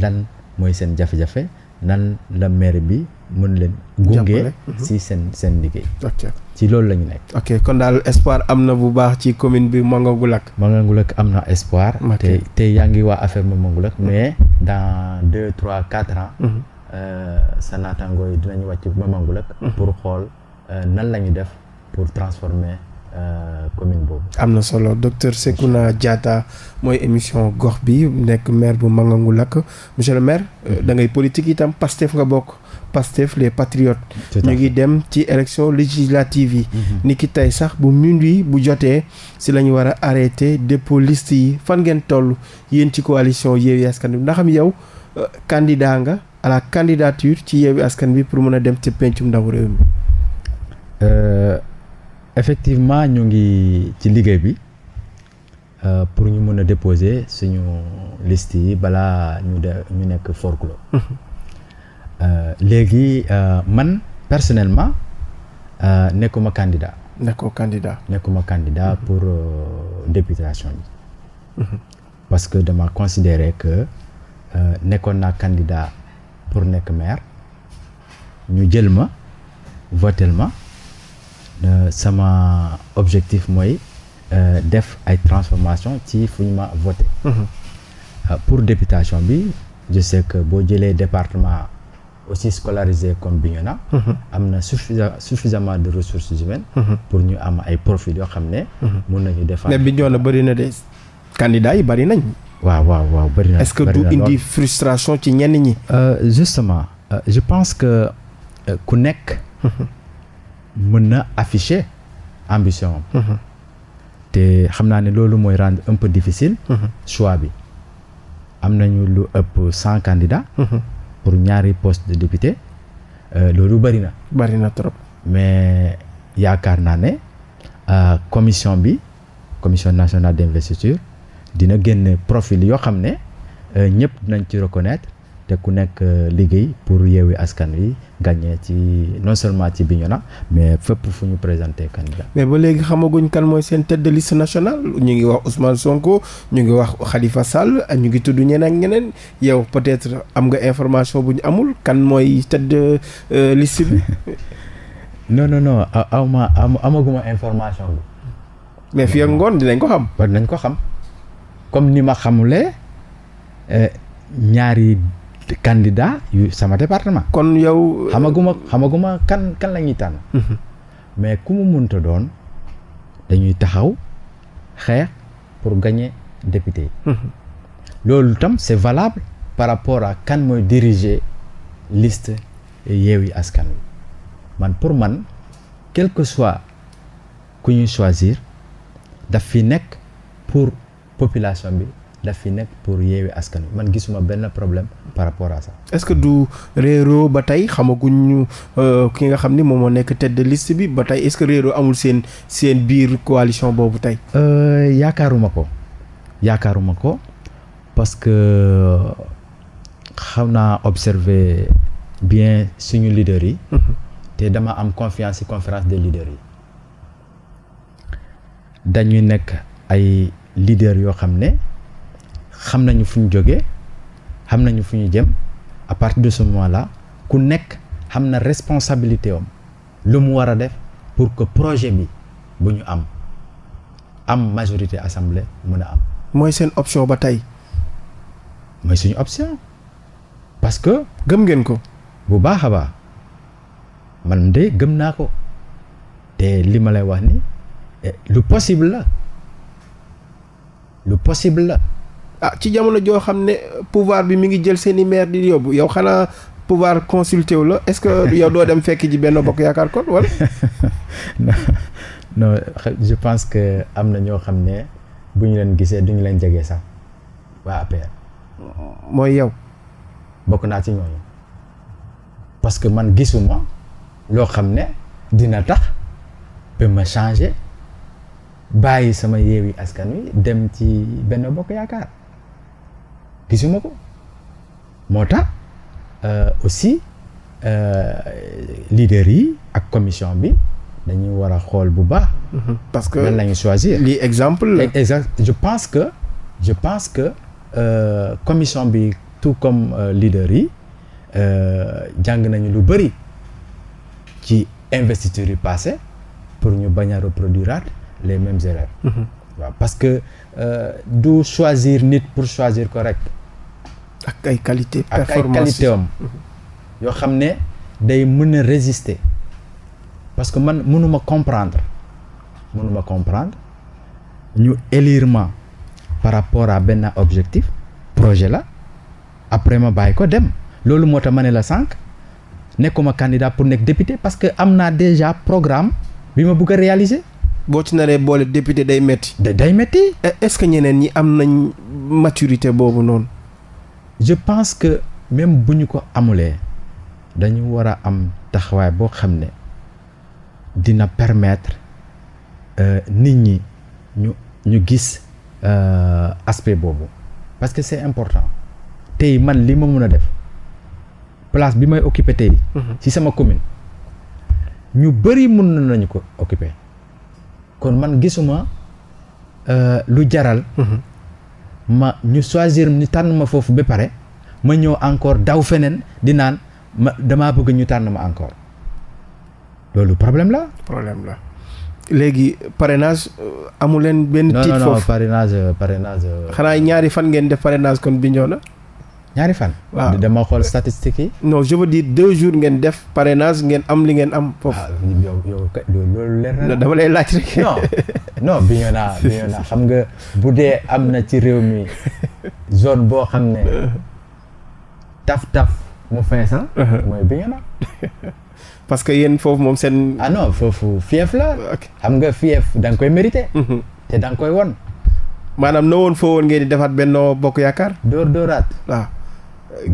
lan mooy seen jafe-jafe nan la maire bi. mën leen gunge mhm. si seen seen liggéey ci loolu la ñu nekk ok kon daal espoir am na bu baax ci commune bi Mangagulak Mangagulak am na espoir te te yaa ngi waa affaire Mangagulak mais dans deux trois quatre ans mhm. euh, sa naataangoo yi dinañu wàcc Mangagulak mhm. pour xool euh, nan la ñu def pour transformer Euh, commune boobu. am na solo docteur Sekouna Diatta mooy émission gox bi nekk maire bu Mangagoul lakk monsieur le maire euh, mm-hmm. da ngay politique itam Pastef nga bokk Pastef les patriotes. ñu ngi dem ci élection législative yi. Mm-hmm. ni ki tey sax bu minuit bu jotee si la ñu war a arrêté dépôt liste yi fan ngeen toll yéen ci coalition Yewwi Askan Wi ndaxam am yow euh, candidat nga à la candidature ci Yewwi Askan Wi pour mën a dem ci pencum ndaw réew mi. effectivement ñu ngi ci liggéey bi euh, pour ñu mën a déposer suñu list yi balaa ñu de ñu nekk forclos. Mhm. Euh, léegi euh, man personnellement nekkuma candidat. nekkoo candidat. nekkuma candidat mhm. pour députation bi. Mhm. parce que dama considérer que nekkoon naa candidat pour nekk maire ñu jël ma votel ma. Euh, sama objectif mooy euh, def ay transformation ci fu ñu ma voté mhm. euh, pour députation bi je sais que boo jëlee département aussi scolarisé comme Bignona mhm. am na suffisamment de ressources humaines mhm. pour ñu am ay profit yoo xam ne mun nañu defar mais Bignona bëri na de candidats yi bëri nañ waaw waaw waaw bëri na est-ce que du indi frustration ci ñenn ñi justement je pense que ku nekk mën na affiché ambition am mhm. te xam naa ne loolu mooy rendre un peu difficile mhm. choix bi am nañu lu ëpp cent candidats mhm. pour ñaari poste de député euh, loolu bëri na bëri na trop mais yaakaar naa ne euh, commission bi commission nationale d'investiture dina génn profil yoo xam ne euh, ñëpp nañ ci reconnaître te ku nekk euh, liggéey pour yeewi askan wi gagné ci non seulement ci na mais fépp fu ñu présenté candidat mais ba léegi xamaguñ kan mooy seen tête de national ñu ngi wax Ousmane Sonko ñu ngi wax xalifa Sall ñu ngi tudd ñeneen ak ñeneen yow peut-être am nga information bu ñu amul kan mooy tête de euh, liste bi. non non non awma amaguma information bi. mais fii ak ngoon dinañ ko xam. war nañ ko xam comme ni ma xamule euh, ñaari. candidat yu sama département. kon yow. Euh, xamaguma xamaguma kan kan la ñuy tànn. Mhm. mais ku mu munta doon dañuy taxaw xeex pour gagner député yi. Mhm. loolu tam c'est valable par rapport à kan mooy diriger liste Yewwi Askan Wi man pour man quel que soit ku ñuy choisir daf fi nekk pour population bi daf fi nekk pour Yewwi Askan Wi man gisuma benn problème. par rapport à ça. est-ce que du réero ba tey xamaguñu euh, ki nga xam ni moom moo nekk tête de liste bi ba tey est-ce que réeroo amul seen seen biir coalition boobu tey. Euh, yaakaaruma ko yaakaaruma ko parce que xam naa observer bien suñu leaders yi. Mm-hmm. te dama am confiance ci conférence des leaders yi. dañuy nekk ay leaders yoo xam ne xam nañu fu ñu jógee. xam nañu fu ñu jëm à partir de ce moment la ku nekk xam na responsabilité am lu mu war a def pour que projet bi bu ñu am am majorité assemblée mën a am. mooy seen option ba tey. mooy suñu option parce que. gëm ngeen ko. bu baax a baax man de gëm naa ko te li ma lay wax ni eh, lu possible la lu possible la. ah ci jamono joo xam ne pouvoir bi mi ngi jël seen i maire di yóbbu yow xanaa pouvoir consulter wu la est-ce que yow doo dem fekk ji benn bokk yaakaar kon wala. non pense que am na ñoo xam ne bu ñu leen gisee duñu leen jege sax waa yow. bokk naa ci ñooñu parce que man gisuma loo xam ne dina tax ba ma changer bàyyi sama yeewi askan wi dem ci benn bokk yaakaar. gisuma ko moo tax euh, aussi euh, leader yi ak commission bi dañuy war a xool bu baax. Mhm. parce que lan la choisir. lii exemple exact je pense que je pense que euh, commission bi tout comme euh, leader yi euh, jàng nañu lu bëri ci investiture yi passé pour ñu bañ a reproduiraat les mêmes erreurs. Mhm. waaw mm -hmm. parce que du choisir nit pour choisir correct. ak ay qualité ak ay qualité am mhm. yoo xam ne day mën a résister parce que man mënuma comprendre mënuma comprendre ñu élirement par rapport à benn objectif projet la après ma bàyyi ko dem loolu moo tax ma ne la sànq nekkuma candidat pour nekk député parce que am naa déjà programme bi ma bugg a réaliser. boo ci naree boole député day metti. day metti. E, est-ce que ñeneen ñi am nañ maturité boobu noonu. je pense que même bu ñu ko amulee dañu war a am taxawaay boo xam ne dina permettre euh, nit ñi ñu ñu gis euh, aspect boobu parce que c'est important tey man li ma mun a def place bi may occupé tey mhm. ci sama commune ñu bëri mën nañu ko occupé kon man gisuma euh, lu jaral mhm. ma ñu choisir ni tànn ma foofu ba pare ma ñëw encore daw feneen di naan ma damaa bëgg ñu tànn ma encore loolu problème la. problème la léegi parrainage euh, amu leen benn. tiit foofu non non euh, euh, xanaa ñaari fan ngeen def parrainage kon bi ñëw na. ñaari fan. waaw dama xool statistiques yi. no je veux dire deux jours ngeen def parrainage ngeen am li ngeen am. foofu ah, yow yow loolu leer na laaj rek. non non Bignona Bignona xam nga bu dee am na ci réew mi boo xam ne taf taf mu fees uh-huh. parce que yéen foofu moom seen. ah non nga fief da nga koy mérité. Uh-huh. te koy won maanaam foo woon defaat benn bokk yaakaar. dóor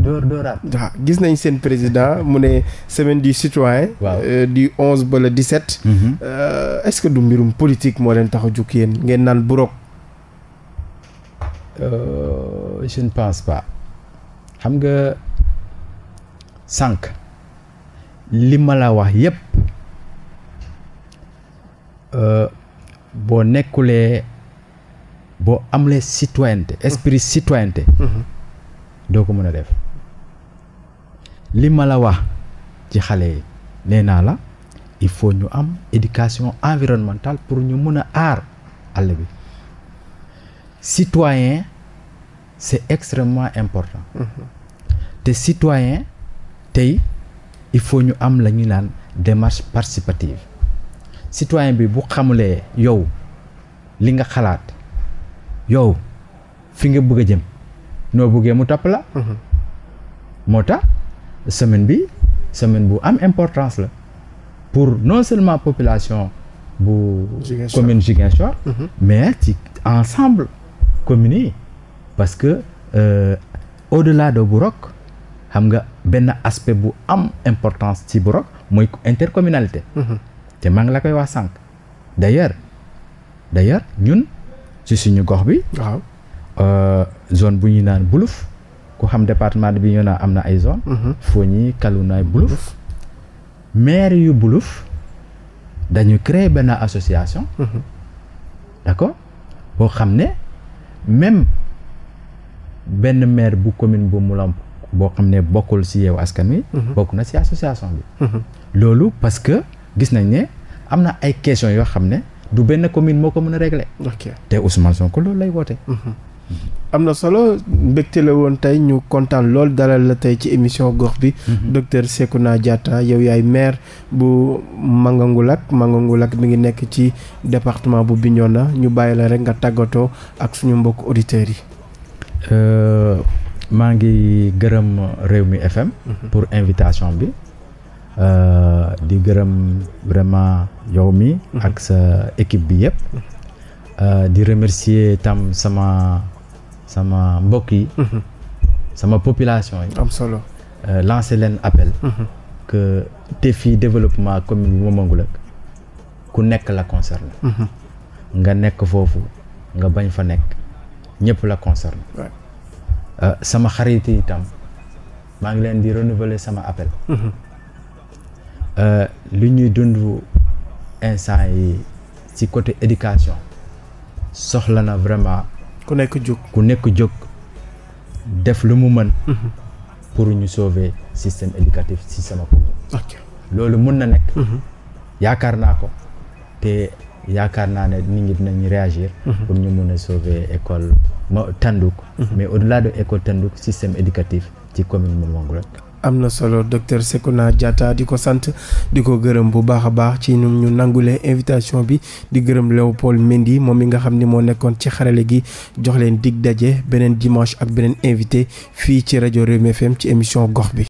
dóor dóoraat gis nañ seen président mu ne semaine du citoyen waaw euh, du onze ba le dix-sept mhm. euh, est-ce que du mbirum politique moo leen tax a jug yéen ngeen naan burok euh, je ne pense xam nga sànq li ma la wax yépp boo nekkulee boo amulee citoyenneté esprit citoyenneté. Mhm. doo ko mën a def li ma la wax ci xale yi nee naa la il faut ñu am éducation environnementale pour ñu mën a aar àll bi citoyen c'est extrêmement important mm-hmm. te citoyen tey il faut ñu am la ñu naan démarche participative citoyen bi bu xamulee yow li nga xalaat yow fi nga bëgg a jëm noo buggee mu topp la. Mhm. moo tax semaine bi semaine bu am importance la pour non seulement population bu. commune Ziguinchor. Mhm. mais ci ensemble commune yi parce que euh, au-delà de Burok xam nga benn aspect bu am importance ci Burok mooy intercommunalité. Mhm. te maa ngi la koy wax sànq. d'ailleurs d'ailleurs ñun ci suñu gox bi. Euh, zone bu ñuy naan Buluf koo xam département bi ñoo naan am na ay zone mhm. Fogny Kalounay Buluf maire yu Buluf dañu crée benn association mhm. d'accord boo xam ne même benn maire bu commune bu Moulamp boo xam ne bokkul ci yeewu askan wi mhm. bokk na ci association bi loolu parce que gis nañ ne am na ay question yoo xam ne du benn commune moo ko mën a régler te Ousmane Sonko loolu lay woote am na solo mbégte la woon tey ñu kontaan lool dalal la tey ci émission gox bi. Mhm. docteur Sekouna Diatta yow yaay maire bu Mangangulak Mangangulak mi ngi nekk ci département bu na ñu bàyyi la rek nga tàggatoo ak suñu mbokk auditeurs yi. Euh, maa ngi gërëm réew mi FM. Mhm. pour invitation bi. Uh, di gërëm vraiment yow mi. Mhm. ak sa équipe bi yëpp. Uh, di remercier tam sama sama mbokk yi. Mhm. sama population yi. am solo euh, lancer leen appel. Mhm. que te fii développement commune bu ku nekk la concerne. Mhm. nga nekk foofu nga bañ fa nekk ñëpp la concerne. Euh, sama xarit yi itam maa ngi leen di renouveler sama appel. Euh, li ñuy dund instant yi ci côté éducation soxla na vraiment. ku nekk jóg ku nekk jóg def lu mu mën. Mhm. pour ñu sauver système éducatif si sama commune. loolu mun na nekk. Mhm. yaakaar naa ko te yaakaar naa ne nit ñi ñu réagir. Mhm. pour ñu mun a sauver école ma Tandouk. mais au delà de école Tandouk système éducatif ci commune Mourmangue la. am na solo docteur Sekouna Diatta di ko sant di ko gërëm bu baax a baax ci ñun ñu nangule invitation bi di gërëm Léopold Mendy moom mi nga xam ni moo nekkoon ci xarale gi jox leen dig daje beneen dimanche ak beneen invité fii ci rajo Rewmi FM ci émission gox bi.